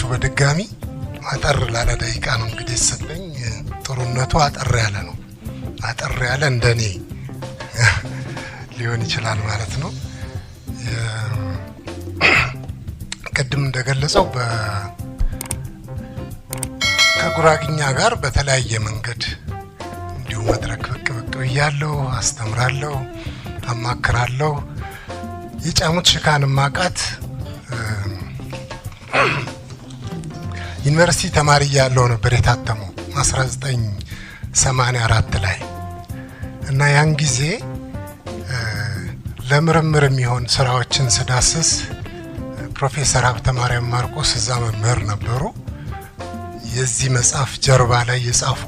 መጣችሁ በድጋሚ አጠር ላለ ደቂቃ ነው እንግዲህ የተሰጠኝ። ጥሩነቱ አጠር ያለ ነው። አጠር ያለ እንደኔ ሊሆን ይችላል ማለት ነው። ቅድም እንደገለጸው ከጉራግኛ ጋር በተለያየ መንገድ እንዲሁ መድረክ ብቅ ብቅ ብያለሁ፣ አስተምራለሁ፣ አማክራለሁ። የጫሙት ሽካን ማቃት ዩኒቨርሲቲ ተማሪ እያለሁ ነበር የታተመው 1984 ላይ እና ያን ጊዜ ለምርምር የሚሆን ስራዎችን ስዳስስ ፕሮፌሰር ሀብተ ማርያም ማርቆስ እዛ መምህር ነበሩ። የዚህ መጽሐፍ ጀርባ ላይ የጻፉ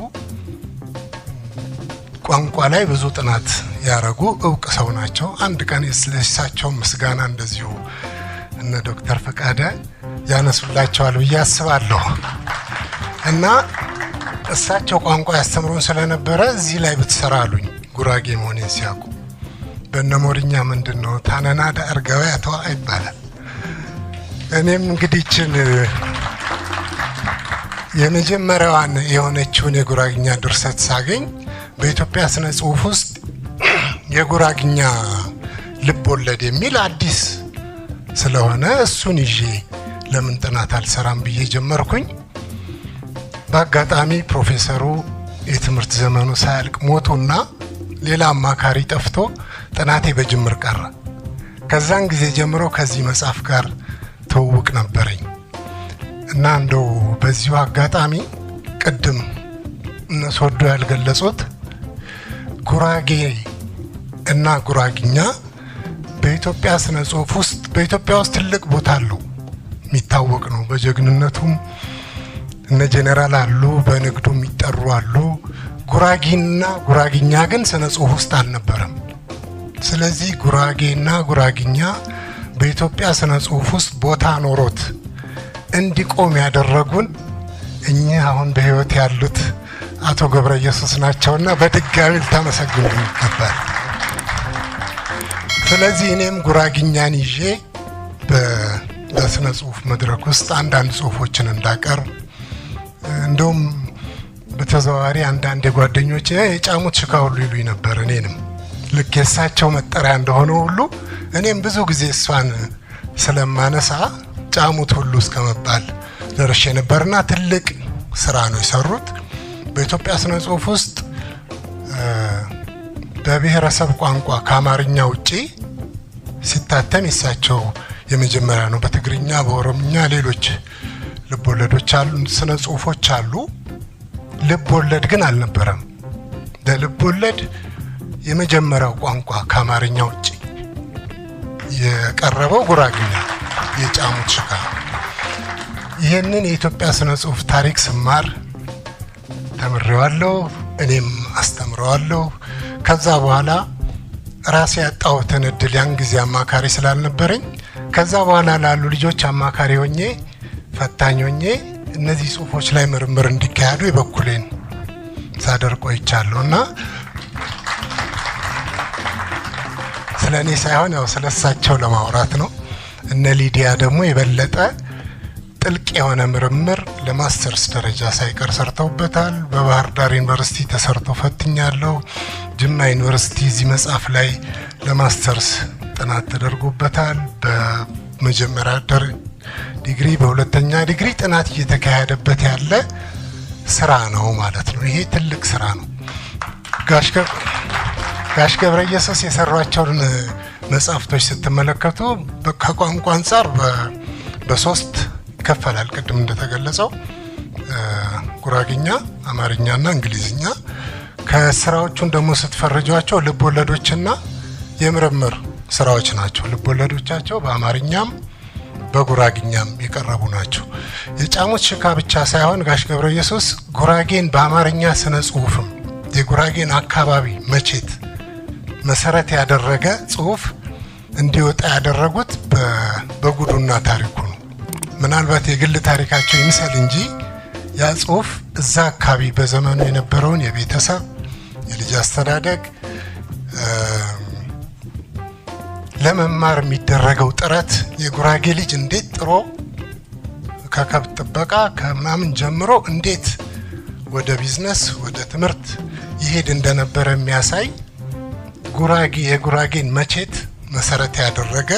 ቋንቋ ላይ ብዙ ጥናት ያደረጉ እውቅ ሰው ናቸው። አንድ ቀን ስለሳቸው ምስጋና እንደዚሁ እነ ዶክተር ፈቃደ ያነሱላቸዋል ብዬ አስባለሁ እና እሳቸው ቋንቋ ያስተምሩን ስለነበረ እዚህ ላይ ብትሰራ አሉኝ። ጉራጌ መሆኔን ሲያውቁ በነ ሞርኛ ምንድን ነው ታነናዳ እርገበ ያተዋ ይባላል። እኔም እንግዲችን የመጀመሪያዋን የሆነችውን የጉራግኛ ድርሰት ሳገኝ በኢትዮጵያ ስነ ጽሁፍ ውስጥ የጉራግኛ ልብ ወለድ የሚል አዲስ ስለሆነ እሱን ይዤ ለምን ጥናት አልሰራም ብዬ ጀመርኩኝ። በአጋጣሚ ፕሮፌሰሩ የትምህርት ዘመኑ ሳያልቅ ሞቱና ሌላ አማካሪ ጠፍቶ ጥናቴ በጅምር ቀረ። ከዛን ጊዜ ጀምሮ ከዚህ መጽሐፍ ጋር ትውውቅ ነበረኝ እና እንደው በዚሁ አጋጣሚ ቅድም እነሶዶ ያልገለጹት ጉራጌ እና ጉራግኛ በኢትዮጵያ ስነ ጽሁፍ ውስጥ በኢትዮጵያ ውስጥ ትልቅ ቦታ አለው። የሚታወቅ ነው። በጀግንነቱም እነ ጄኔራል አሉ፣ በንግዱ የሚጠሩ አሉ። ጉራጌና ጉራግኛ ግን ስነ ጽሁፍ ውስጥ አልነበረም። ስለዚህ ጉራጌና ጉራግኛ በኢትዮጵያ ስነ ጽሁፍ ውስጥ ቦታ ኖሮት እንዲቆም ያደረጉን እኚህ አሁን በህይወት ያሉት አቶ ገብረ ኢየሱስ ናቸውና በድጋሚ ልታመሰግኑ ነበር። ስለዚህ እኔም ጉራግኛን ይዤ በስነ ጽሁፍ መድረክ ውስጥ አንዳንድ ጽሁፎችን እንዳቀርብ እንደውም በተዘዋዋሪ አንዳንድ የጓደኞች የጫሙት ሽካ ሁሉ ይሉኝ ነበር። እኔንም ልክ የእሳቸው መጠሪያ እንደሆነ ሁሉ እኔም ብዙ ጊዜ እሷን ስለማነሳ ጫሙት ሁሉ እስከ መባል ደርሼ ነበርና ትልቅ ስራ ነው የሰሩት። በኢትዮጵያ ስነ ጽሁፍ ውስጥ በብሔረሰብ ቋንቋ ከአማርኛ ውጪ ሲታተም የእሳቸው የመጀመሪያ ነው። በትግርኛ በኦሮምኛ ሌሎች ልብ ወለዶች አሉ፣ ስነ ጽሁፎች አሉ። ልብ ወለድ ግን አልነበረም። ለልብ ወለድ የመጀመሪያው ቋንቋ ከአማርኛ ውጭ የቀረበው ጉራግኛ የጫሙት ሽካ። ይህንን የኢትዮጵያ ስነ ጽሁፍ ታሪክ ስማር ተምሬዋለሁ፣ እኔም አስተምረዋለሁ። ከዛ በኋላ ራሴ ያጣሁትን እድል ያን ጊዜ አማካሪ ስላልነበረኝ ከዛ በኋላ ላሉ ልጆች አማካሪ ሆኜ ፈታኝ ሆኜ እነዚህ ጽሁፎች ላይ ምርምር እንዲካሄዱ የበኩሌን ሳደር ቆይቻለሁ እና ስለ እኔ ሳይሆን ያው ስለ እሳቸው ለማውራት ነው። እነ ሊዲያ ደግሞ የበለጠ ጥልቅ የሆነ ምርምር ለማስተርስ ደረጃ ሳይቀር ሰርተውበታል። በባህር ዳር ዩኒቨርሲቲ ተሰርቶ ፈትኛለሁ። ጅማ ዩኒቨርሲቲ እዚህ መጽሐፍ ላይ ለማስተርስ ጥናት ተደርጎበታል። በመጀመሪያ ዲግሪ፣ በሁለተኛ ዲግሪ ጥናት እየተካሄደበት ያለ ስራ ነው ማለት ነው። ይሄ ትልቅ ስራ ነው። ጋሽ ገብረ ኢየሱስ የሰሯቸውን መጽሐፍቶች ስትመለከቱ ከቋንቋ አንጻር በሶስት ይከፈላል። ቅድም እንደተገለጸው ጉራግኛ፣ አማርኛና እንግሊዝኛ። ከስራዎቹን ደግሞ ስትፈርጇቸው ልብ ወለዶችና የምርምር ስራዎች ናቸው። ልቦለዶቻቸው በአማርኛም በጉራግኛም የቀረቡ ናቸው። የጫሙት ሽካ ብቻ ሳይሆን ጋሽ ገብረ ኢየሱስ ጉራጌን በአማርኛ ስነ ጽሁፍም የጉራጌን አካባቢ መቼት መሰረት ያደረገ ጽሁፍ እንዲወጣ ያደረጉት በጉዱና ታሪኩ ነው። ምናልባት የግል ታሪካቸው ይምሰል እንጂ ያ ጽሁፍ እዛ አካባቢ በዘመኑ የነበረውን የቤተሰብ የልጅ አስተዳደግ ለመማር የሚደረገው ጥረት የጉራጌ ልጅ እንዴት ጥሮ ከከብት ጥበቃ ከምናምን ጀምሮ እንዴት ወደ ቢዝነስ ወደ ትምህርት ይሄድ እንደነበረ የሚያሳይ ጉራጌ የጉራጌን መቼት መሰረት ያደረገ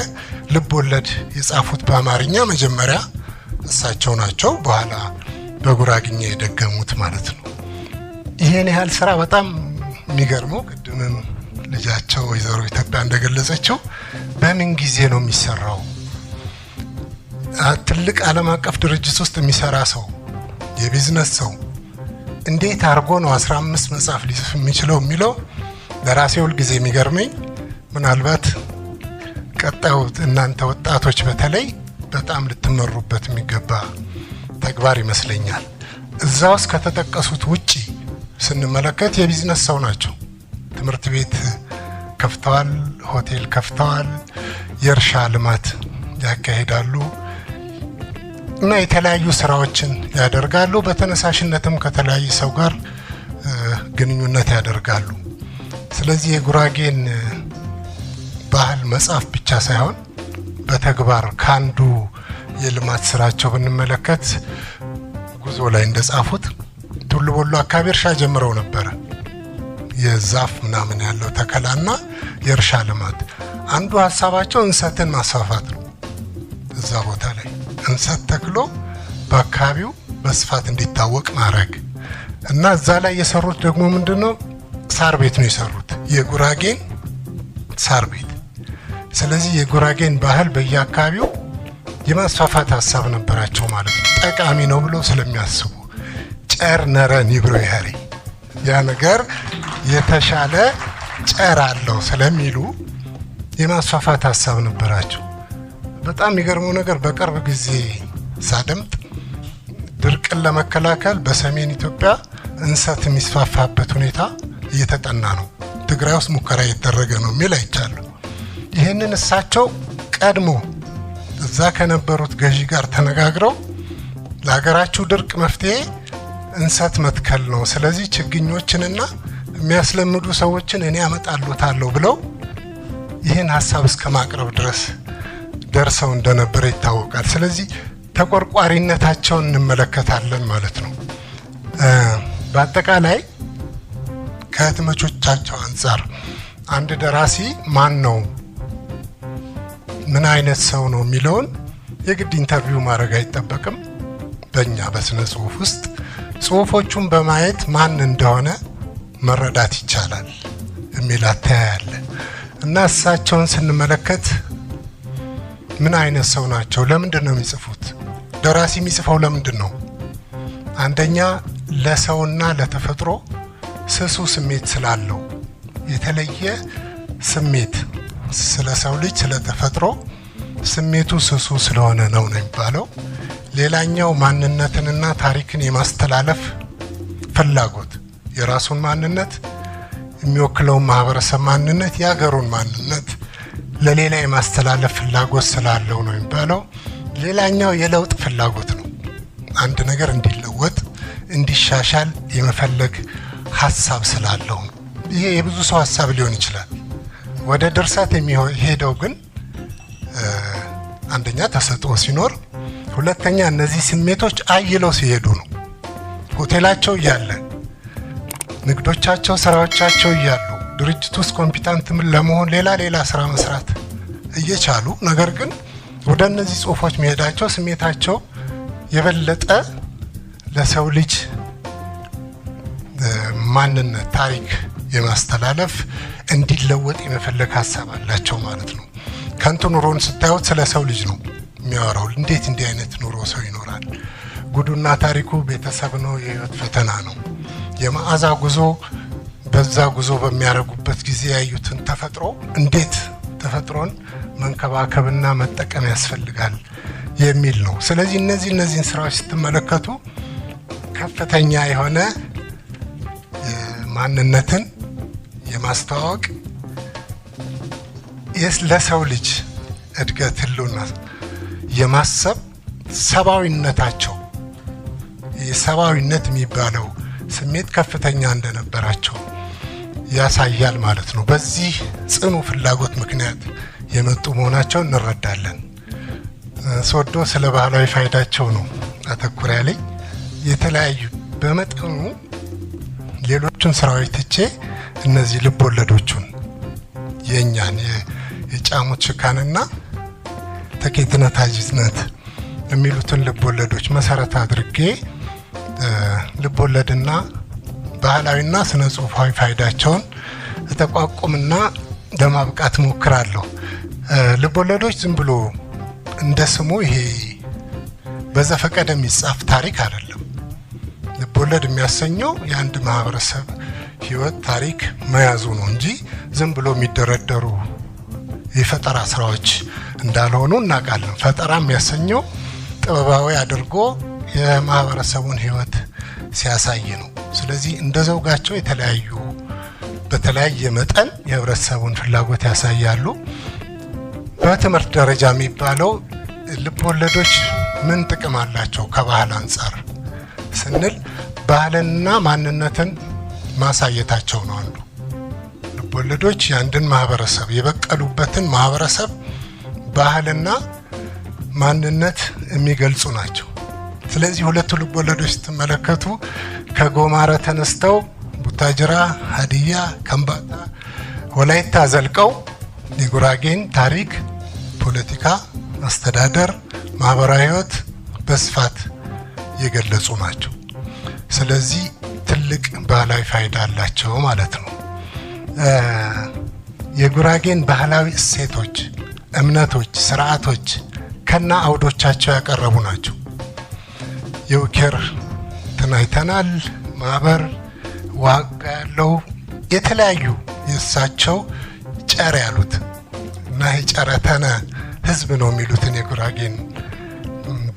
ልብ ወለድ የጻፉት በአማርኛ መጀመሪያ እሳቸው ናቸው፣ በኋላ በጉራግኛ የደገሙት ማለት ነው። ይሄን ያህል ስራ በጣም የሚገርመው ቅድምም ልጃቸው ወይዘሮ ኢትዮጵያ እንደገለጸችው በምን ጊዜ ነው የሚሰራው? ትልቅ ዓለም አቀፍ ድርጅት ውስጥ የሚሰራ ሰው የቢዝነስ ሰው እንዴት አድርጎ ነው 15 መጽሐፍ ሊጽፍ የሚችለው የሚለው ለራሴ ሁልጊዜ የሚገርመኝ ምናልባት ቀጣዩ እናንተ ወጣቶች በተለይ በጣም ልትመሩበት የሚገባ ተግባር ይመስለኛል። እዛ ውስጥ ከተጠቀሱት ውጪ ስንመለከት የቢዝነስ ሰው ናቸው። ትምህርት ቤት ከፍተዋል፣ ሆቴል ከፍተዋል፣ የእርሻ ልማት ያካሂዳሉ እና የተለያዩ ስራዎችን ያደርጋሉ። በተነሳሽነትም ከተለያየ ሰው ጋር ግንኙነት ያደርጋሉ። ስለዚህ የጉራጌን ባህል መጽሐፍ ብቻ ሳይሆን በተግባር ካንዱ የልማት ስራቸው ብንመለከት ጉዞ ላይ እንደጻፉት ቱሉ ቦሎ አካባቢ እርሻ ጀምረው ነበረ። የዛፍ ምናምን ያለው ተከላና የእርሻ ልማት አንዱ ሀሳባቸው እንሰትን ማስፋፋት ነው። እዛ ቦታ ላይ እንሰት ተክሎ በአካባቢው በስፋት እንዲታወቅ ማድረግ እና እዛ ላይ የሰሩት ደግሞ ምንድን ነው? ሳር ቤት ነው የሰሩት፣ የጉራጌን ሳር ቤት። ስለዚህ የጉራጌን ባህል በየአካባቢው የማስፋፋት ሀሳብ ነበራቸው ማለት ነው። ጠቃሚ ነው ብሎ ስለሚያስቡ ጨር ነረን ይብሮ ያሬ ያ ነገር የተሻለ ጨር አለው ስለሚሉ የማስፋፋት ሀሳብ ነበራቸው። በጣም የሚገርመው ነገር በቅርብ ጊዜ ሳደምጥ ድርቅን ለመከላከል በሰሜን ኢትዮጵያ እንሰት የሚስፋፋበት ሁኔታ እየተጠና ነው፣ ትግራይ ውስጥ ሙከራ እየተደረገ ነው የሚል አይቻሉ። ይህንን እሳቸው ቀድሞ እዛ ከነበሩት ገዢ ጋር ተነጋግረው ለሀገራችሁ ድርቅ መፍትሄ እንሰት መትከል ነው፣ ስለዚህ ችግኞችንና የሚያስለምዱ ሰዎችን እኔ አመጣልዎታለሁ ብለው ይህን ሀሳብ እስከ ማቅረብ ድረስ ደርሰው እንደነበረ ይታወቃል። ስለዚህ ተቆርቋሪነታቸውን እንመለከታለን ማለት ነው። በአጠቃላይ ከህትመቶቻቸው አንጻር አንድ ደራሲ ማን ነው፣ ምን አይነት ሰው ነው የሚለውን የግድ ኢንተርቪው ማድረግ አይጠበቅም። በእኛ በስነ ጽሁፍ ውስጥ ጽሁፎቹን በማየት ማን እንደሆነ መረዳት ይቻላል የሚል አተያያለ እና እሳቸውን ስንመለከት ምን አይነት ሰው ናቸው? ለምንድን ነው የሚጽፉት? ደራሲ የሚጽፈው ለምንድን ነው? አንደኛ ለሰውና ለተፈጥሮ ስሱ ስሜት ስላለው የተለየ ስሜት ስለ ሰው ልጅ ስለ ተፈጥሮ ስሜቱ ስሱ ስለሆነ ነው ነው የሚባለው። ሌላኛው ማንነትንና ታሪክን የማስተላለፍ ፍላጎት የራሱን ማንነት የሚወክለውን ማህበረሰብ ማንነት የሀገሩን ማንነት ለሌላ የማስተላለፍ ፍላጎት ስላለው ነው የሚባለው። ሌላኛው የለውጥ ፍላጎት ነው። አንድ ነገር እንዲለወጥ እንዲሻሻል የመፈለግ ሀሳብ ስላለው ነው። ይሄ የብዙ ሰው ሀሳብ ሊሆን ይችላል። ወደ ድርሰት የሚሄደው ግን አንደኛ ተሰጥኦ ሲኖር፣ ሁለተኛ እነዚህ ስሜቶች አይለው ሲሄዱ ነው ሆቴላቸው እያለን ንግዶቻቸው፣ ስራዎቻቸው እያሉ ድርጅት ውስጥ ኮምፒታንት ለመሆን ሌላ ሌላ ስራ መስራት እየቻሉ ነገር ግን ወደ እነዚህ ጽሁፎች መሄዳቸው ስሜታቸው የበለጠ ለሰው ልጅ ማንነት ታሪክ የማስተላለፍ እንዲለወጥ የመፈለግ ሀሳብ አላቸው ማለት ነው። ከንቱ ኑሮን ስታዩት ስለ ሰው ልጅ ነው የሚያወራው። እንዴት እንዲህ አይነት ኑሮ ሰው ይኖራል? ጉዱና ታሪኩ ቤተሰብ ነው፣ የህይወት ፈተና ነው። የመዓዛ ጉዞ በዛ ጉዞ በሚያደርጉበት ጊዜ ያዩትን ተፈጥሮ እንዴት ተፈጥሮን መንከባከብና መጠቀም ያስፈልጋል የሚል ነው። ስለዚህ እነዚህ እነዚህን ስራዎች ስትመለከቱ ከፍተኛ የሆነ ማንነትን የማስተዋወቅ ለሰው ልጅ እድገት ህልውና የማሰብ ሰብአዊነታቸው የሰብአዊነት የሚባለው ስሜት ከፍተኛ እንደነበራቸው ያሳያል ማለት ነው። በዚህ ጽኑ ፍላጎት ምክንያት የመጡ መሆናቸው እንረዳለን። ሶዶ ስለ ባህላዊ ፋይዳቸው ነው አተኩር ያለኝ። የተለያዩ በመጠኑ ሌሎቹን ስራዎች ትቼ እነዚህ ልብ ወለዶቹን የእኛን የጫሙት ሽካንና ተኬትነት አጅትነት የሚሉትን ልብ ወለዶች መሰረት አድርጌ ልቦለድና ባህላዊና ስነ ጽሁፋዊ ፋይዳቸውን ተቋቁምና ለማብቃት ሞክራለሁ። ልቦለዶች ዝም ብሎ እንደ ስሙ ይሄ በዘፈቀደ የሚጻፍ ታሪክ አይደለም። ልቦለድ የሚያሰኘው የአንድ ማህበረሰብ ህይወት ታሪክ መያዙ ነው እንጂ ዝም ብሎ የሚደረደሩ የፈጠራ ስራዎች እንዳልሆኑ እናውቃለን። ፈጠራ የሚያሰኘው ጥበባዊ አድርጎ የማህበረሰቡን ህይወት ሲያሳይ ነው። ስለዚህ እንደ ዘውጋቸው የተለያዩ በተለያየ መጠን የህብረተሰቡን ፍላጎት ያሳያሉ። በትምህርት ደረጃ የሚባለው ልብ ወለዶች ምን ጥቅም አላቸው ከባህል አንጻር ስንል ባህልንና ማንነትን ማሳየታቸው ነው አንዱ። ልብ ወለዶች የአንድን ማህበረሰብ የበቀሉበትን ማህበረሰብ ባህልና ማንነት የሚገልጹ ናቸው። ስለዚህ ሁለቱ ልቦለዶች ስትመለከቱ ከጎማረ ተነስተው ቡታጅራ፣ ሀዲያ፣ ከምባታ፣ ወላይታ ዘልቀው የጉራጌን ታሪክ፣ ፖለቲካ፣ አስተዳደር፣ ማህበራዊ ህይወት በስፋት የገለጹ ናቸው። ስለዚህ ትልቅ ባህላዊ ፋይዳ አላቸው ማለት ነው። የጉራጌን ባህላዊ እሴቶች፣ እምነቶች፣ ስርዓቶች ከና አውዶቻቸው ያቀረቡ ናቸው። የዊኬር ትናይተናል ማህበር ዋጋ ያለው የተለያዩ የእሳቸው ጨር ያሉት እና የጨረተነ ህዝብ ነው የሚሉትን የጉራጌን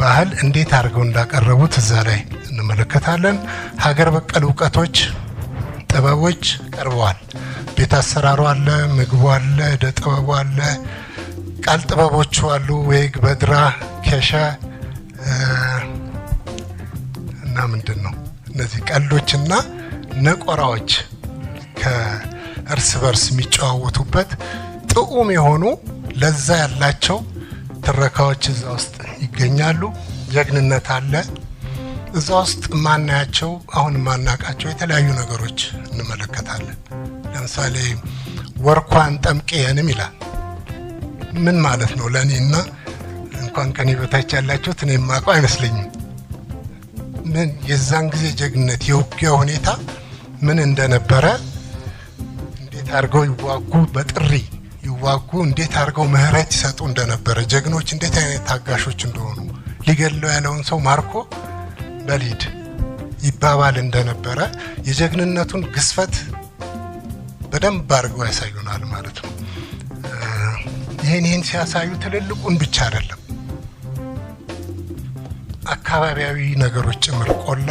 ባህል እንዴት አድርገው እንዳቀረቡት እዛ ላይ እንመለከታለን። ሀገር በቀል እውቀቶች፣ ጥበቦች ቀርበዋል። ቤት አሰራሩ አለ፣ ምግቡ አለ፣ እደ ጥበቡ አለ፣ ቃል ጥበቦቹ አሉ፣ ወግ በድራ፣ ኬሻ ዋና ምንድን ነው እነዚህ ቀልዶችና ነቆራዎች ከእርስ በርስ የሚጨዋወቱበት ጥዑም የሆኑ ለዛ ያላቸው ትረካዎች እዛ ውስጥ ይገኛሉ። ጀግንነት አለ እዛ ውስጥ ማናያቸው አሁን ማናቃቸው የተለያዩ ነገሮች እንመለከታለን። ለምሳሌ ወርኳን ጠምቄንም ይላል። ምን ማለት ነው? ለእኔና እንኳን ከኔ በታች ያላችሁት እኔ የማውቀው አይመስለኝም። ምን የዛን ጊዜ ጀግነት የውጊያ ሁኔታ ምን እንደነበረ እንዴት አድርገው ይዋጉ፣ በጥሪ ይዋጉ፣ እንዴት አድርገው ምህረት ይሰጡ እንደነበረ ጀግኖች እንዴት አይነት ታጋሾች እንደሆኑ ሊገለው ያለውን ሰው ማርኮ በሊድ ይባባል እንደነበረ የጀግንነቱን ግስፈት በደንብ አድርገው ያሳዩናል ማለት ነው። ይህን ይህን ሲያሳዩ ትልልቁን ብቻ አይደለም አካባቢያዊ ነገሮች ጭምር ቆላ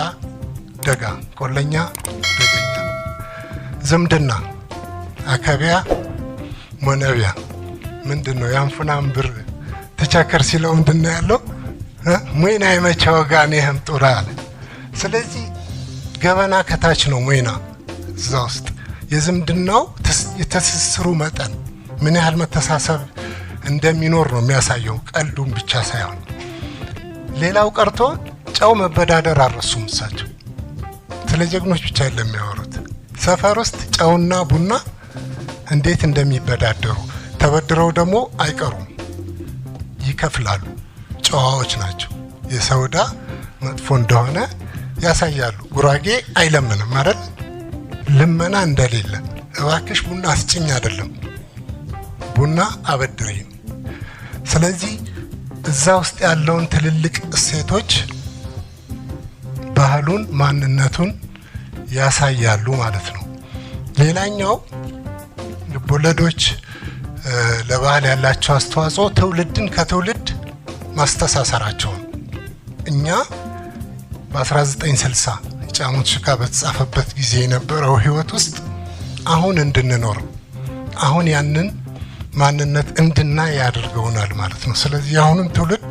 ደጋ፣ ቆለኛ፣ ደገኛ፣ ዝምድና፣ አከቢያ፣ ሞነቢያ ምንድን ነው ያንፉናም ብር ተቻከር ሲለው ምንድን ነው ያለው? ሞይና የመቻ ወጋኔ ህም ጡራ አለ። ስለዚህ ገበና ከታች ነው ሞይና እዛ ውስጥ የዝምድናው የተስስሩ መጠን ምን ያህል መተሳሰብ እንደሚኖር ነው የሚያሳየው፣ ቀልዱም ብቻ ሳይሆን ሌላው ቀርቶ ጨው መበዳደር አልረሱም። እሳቸው ስለ ጀግኖች ብቻ ለሚያወሩት የሚያወሩት። ሰፈር ውስጥ ጨውና ቡና እንዴት እንደሚበዳደሩ ተበድረው ደግሞ አይቀሩም፣ ይከፍላሉ። ጨዋዎች ናቸው። የሰው ዕዳ መጥፎ እንደሆነ ያሳያሉ። ጉራጌ አይለምንም አይደል? ልመና እንደሌለ እባክሽ ቡና አስጭኝ አይደለም፣ ቡና አበድሬ ስለዚህ እዛ ውስጥ ያለውን ትልልቅ እሴቶች ባህሉን፣ ማንነቱን ያሳያሉ ማለት ነው። ሌላኛው ልቦለዶች ለባህል ያላቸው አስተዋጽኦ ትውልድን ከትውልድ ማስተሳሰራቸው ነው። እኛ በ1960 የጫሙት ሽካ በተጻፈበት ጊዜ የነበረው ህይወት ውስጥ አሁን እንድንኖር አሁን ያንን ማንነት እንድናይ ያደርገውናል ማለት ነው። ስለዚህ አሁንም ትውልድ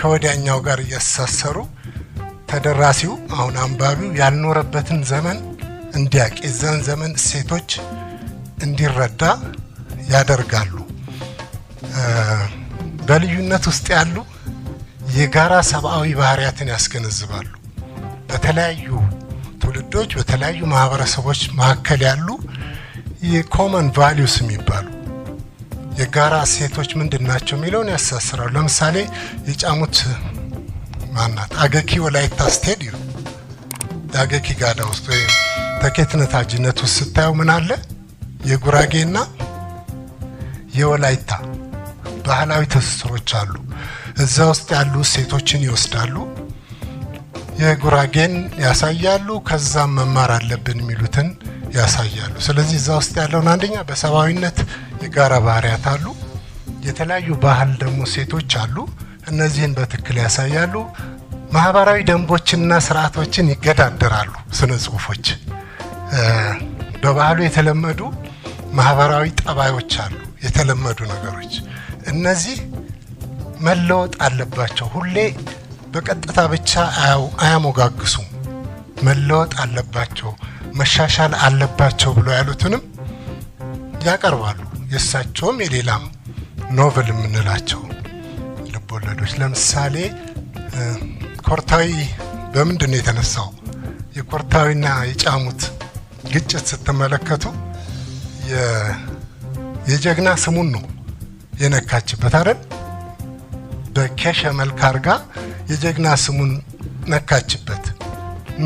ከወዲያኛው ጋር እያሳሰሩ ተደራሲው አሁን አንባቢው ያልኖረበትን ዘመን እንዲያቅ የዛን ዘመን እሴቶች እንዲረዳ ያደርጋሉ። በልዩነት ውስጥ ያሉ የጋራ ሰብአዊ ባህሪያትን ያስገነዝባሉ። በተለያዩ ትውልዶች በተለያዩ ማህበረሰቦች መካከል ያሉ የኮመን ቫሊዩስ የሚባሉ የጋራ እሴቶች ምንድን ናቸው የሚለውን ያሳስራሉ። ለምሳሌ የጫሙት ማናት አገኪ ወላይታ ስቴድ የአገኪ ጋዳ ውስጥ ወይም ተኬትነት አጅነት ውስጥ ስታየው ምን አለ የጉራጌና የወላይታ ባህላዊ ትስስሮች አሉ። እዛ ውስጥ ያሉ እሴቶችን ይወስዳሉ፣ የጉራጌን ያሳያሉ፣ ከዛም መማር አለብን የሚሉትን ያሳያሉ። ስለዚህ እዛ ውስጥ ያለውን አንደኛ በሰብአዊነት የጋራ ባህሪያት አሉ። የተለያዩ ባህል ደግሞ ሴቶች አሉ። እነዚህን በትክክል ያሳያሉ። ማህበራዊ ደንቦችንና ስርዓቶችን ይገዳደራሉ። ስነ ጽሁፎች በባህሉ የተለመዱ ማህበራዊ ጠባዮች አሉ፣ የተለመዱ ነገሮች። እነዚህ መለወጥ አለባቸው። ሁሌ በቀጥታ ብቻ አያሞጋግሱም። መለወጥ አለባቸው፣ መሻሻል አለባቸው ብሎ ያሉትንም ያቀርባሉ። የእሳቸውም የሌላም ኖቨል የምንላቸው ወለዶች ለምሳሌ ኮርታዊ በምንድን ነው የተነሳው? የኮርታዊና የጫሙት ግጭት ስትመለከቱ የጀግና ስሙን ነው የነካችበት አይደል? በኬሸ መልክ አድርጋ የጀግና ስሙን ነካችበት።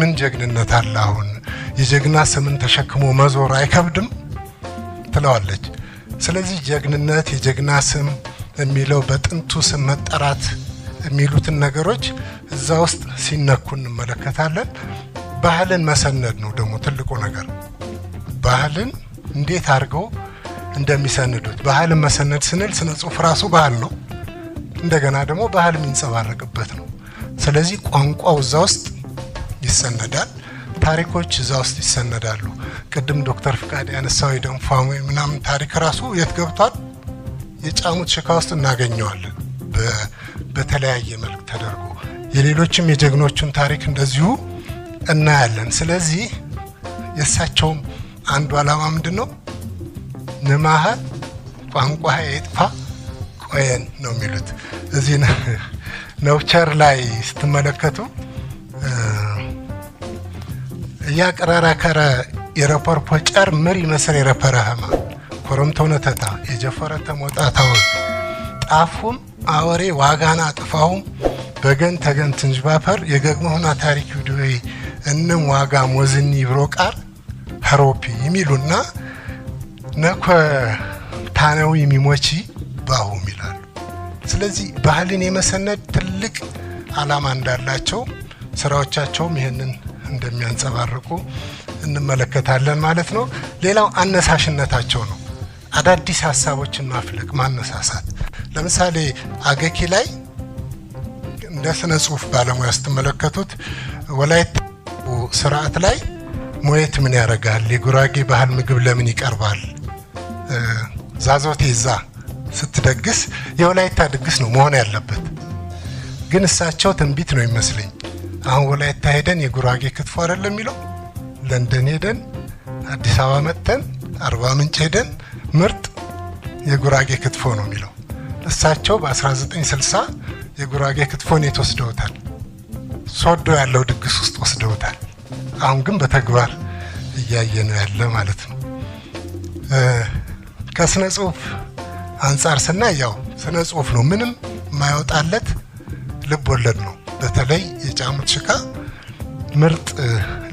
ምን ጀግንነት አለ? አሁን የጀግና ስምን ተሸክሞ መዞር አይከብድም ትለዋለች። ስለዚህ ጀግንነት፣ የጀግና ስም የሚለው በጥንቱ ስም መጠራት የሚሉትን ነገሮች እዛ ውስጥ ሲነኩ እንመለከታለን። ባህልን መሰነድ ነው ደግሞ ትልቁ ነገር። ባህልን እንዴት አድርገው እንደሚሰንዱት። ባህልን መሰነድ ስንል ስነ ጽሁፍ ራሱ ባህል ነው። እንደገና ደግሞ ባህል የሚንጸባረቅበት ነው። ስለዚህ ቋንቋው እዛ ውስጥ ይሰነዳል። ታሪኮች እዛ ውስጥ ይሰነዳሉ። ቅድም ዶክተር ፍቃድ ያነሳው የደንፋሙ ምናምን ታሪክ ራሱ የት ገብቷል? የጫሙት ሽካ ውስጥ እናገኘዋለን በተለያየ መልክ ተደርጎ የሌሎችም የጀግኖቹን ታሪክ እንደዚሁ እናያለን። ስለዚህ የእሳቸውም አንዱ ዓላማ ምንድን ነው? ንማሀ ቋንቋ የጥፋ ቆየን ነው የሚሉት። እዚህ ነውቸር ላይ ስትመለከቱ እያቀራራ የረፐር ፖጫር ምር ይመስል የረፐረ ሀማ ኮረምተው የጀፈረተ ሞጣታው ጣፉም አወሬ ዋጋና ጥፋውም በገን ተገን ትንጅባፐር የገግሞ ሆና ታሪክ እንም ዋጋ ሞዝኒ ብሮ ቃር ሀሮፒ የሚሉና ነኮ የሚሞቺ ባሁም ይላሉ። ስለዚህ ባህልን የመሰነድ ትልቅ ዓላማ እንዳላቸው ስራዎቻቸውም ይህንን እንደሚያንጸባርቁ እንመለከታለን ማለት ነው። ሌላው አነሳሽነታቸው ነው። አዳዲስ ሀሳቦችን ማፍለቅ፣ ማነሳሳት። ለምሳሌ አገኪ ላይ እንደ ስነ ጽሁፍ ባለሙያ ስትመለከቱት ወላይታ ስርዓት ላይ ሞየት ምን ያደርጋል፣ የጉራጌ ባህል ምግብ ለምን ይቀርባል፣ ዛዞቴ ዛ ስትደግስ የወላይታ ድግስ ነው መሆን ያለበት። ግን እሳቸው ትንቢት ነው ይመስለኝ አሁን ወላይታ ሄደን የጉራጌ ክትፎ አይደለም የሚለው ለንደን ሄደን አዲስ አበባ መጥተን አርባ ምንጭ ሄደን ምርጥ የጉራጌ ክትፎ ነው የሚለው። እሳቸው በ1960 የጉራጌ ክትፎን የት ወስደውታል? ሶዶ ያለው ድግስ ውስጥ ወስደውታል። አሁን ግን በተግባር እያየ ነው ያለ ማለት ነው። ከስነ ጽሁፍ አንጻር ስናይ ያው ስነ ጽሁፍ ነው፣ ምንም የማያወጣለት ልብ ወለድ ነው። በተለይ የጫሙት ሽካ ምርጥ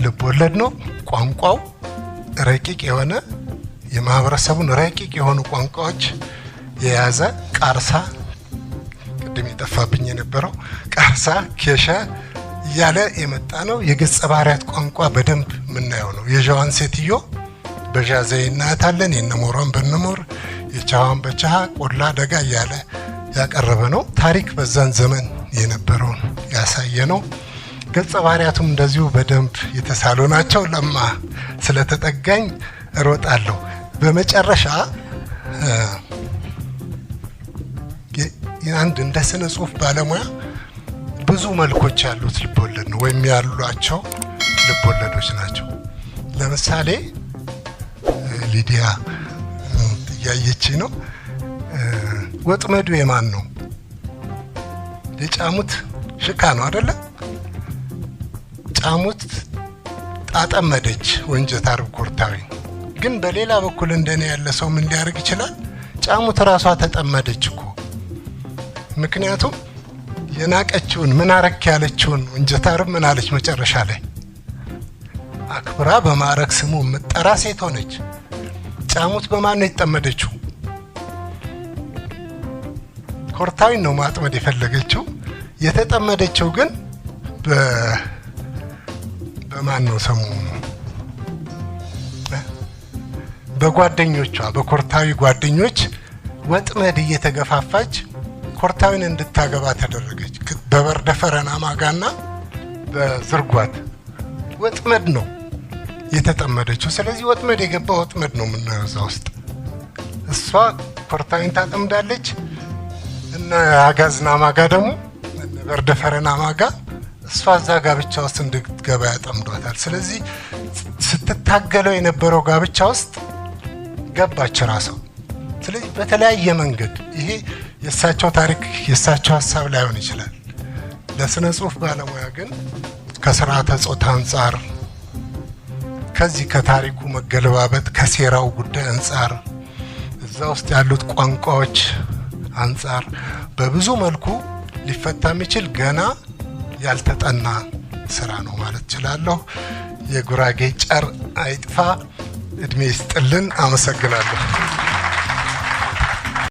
ልብ ወለድ ነው። ቋንቋው ረቂቅ የሆነ የማህበረሰቡን ረቂቅ የሆኑ ቋንቋዎች የያዘ ቃርሳ፣ ቅድም የጠፋብኝ የነበረው ቃርሳ፣ ኬሻ እያለ የመጣ ነው። የገጸ ባህርያት ቋንቋ በደንብ የምናየው ነው። የዣዋን ሴትዮ በዣዘይ እናያታለን። የነሞሯን በነሞር የቻዋን በቻሃ ቆላ ደጋ እያለ ያቀረበ ነው። ታሪክ በዛን ዘመን የነበረውን ያሳየ ነው። ገጸ ባህሪያቱም እንደዚሁ በደንብ የተሳሉ ናቸው። ለማ ስለተጠጋኝ እሮጣለሁ። በመጨረሻ አንድ እንደ ስነ ጽሁፍ ባለሙያ ብዙ መልኮች ያሉት ልቦለድ ነው ወይም ያሏቸው ልቦለዶች ናቸው። ለምሳሌ ሊዲያ እያየች ነው ወጥመዱ የማን ነው? የጫሙት ሽካ ነው አደለ? ጫሙት ጣጠመደች ወንጀት አርብ ኮርታዊ። ግን በሌላ በኩል እንደኔ ያለ ሰው ምን ሊያደርግ ይችላል? ጫሙት ራሷ ተጠመደች እኮ። ምክንያቱም የናቀችውን ምን አረክ ያለችውን ወንጀት አርብ ምን አለች መጨረሻ ላይ አክብራ በማዕረግ ስሙ የምጠራ ሴት ሆነች። ጫሙት በማን ነው የተጠመደችው? ኮርታዊ ነው ማጥመድ የፈለገችው። የተጠመደችው ግን በማን ነው ስሙ? በጓደኞቿ በኮርታዊ ጓደኞች ወጥመድ እየተገፋፋች ኮርታዊን እንድታገባ ተደረገች። በበርደፈረን አማጋና በዝርጓት ወጥመድ ነው የተጠመደችው። ስለዚህ ወጥመድ የገባ ወጥመድ ነው የምናየው እዛ ውስጥ እሷ ኮርታዊን ታጠምዳለች። እነ አጋዝና ማጋ ደግሞ እነ በርደፈረና ማጋ እሷ እዛ ጋብቻ ውስጥ እንድትገባ ያጠምዷታል። ስለዚህ ስትታገለው የነበረው ጋብቻ ውስጥ ገባች ራሰው። ስለዚህ በተለያየ መንገድ ይሄ የእሳቸው ታሪክ የእሳቸው ሀሳብ ላይሆን ይችላል። ለስነ ጽሁፍ ባለሙያ ግን ከስርዓተ ጾታ አንጻር ከዚህ ከታሪኩ መገለባበት ከሴራው ጉዳይ አንጻር እዛ ውስጥ ያሉት ቋንቋዎች አንጻር በብዙ መልኩ ሊፈታ የሚችል ገና ያልተጠና ስራ ነው ማለት እችላለሁ። የጉራጌ ጨር አይጥፋ። እድሜ ይስጥልን። አመሰግናለሁ።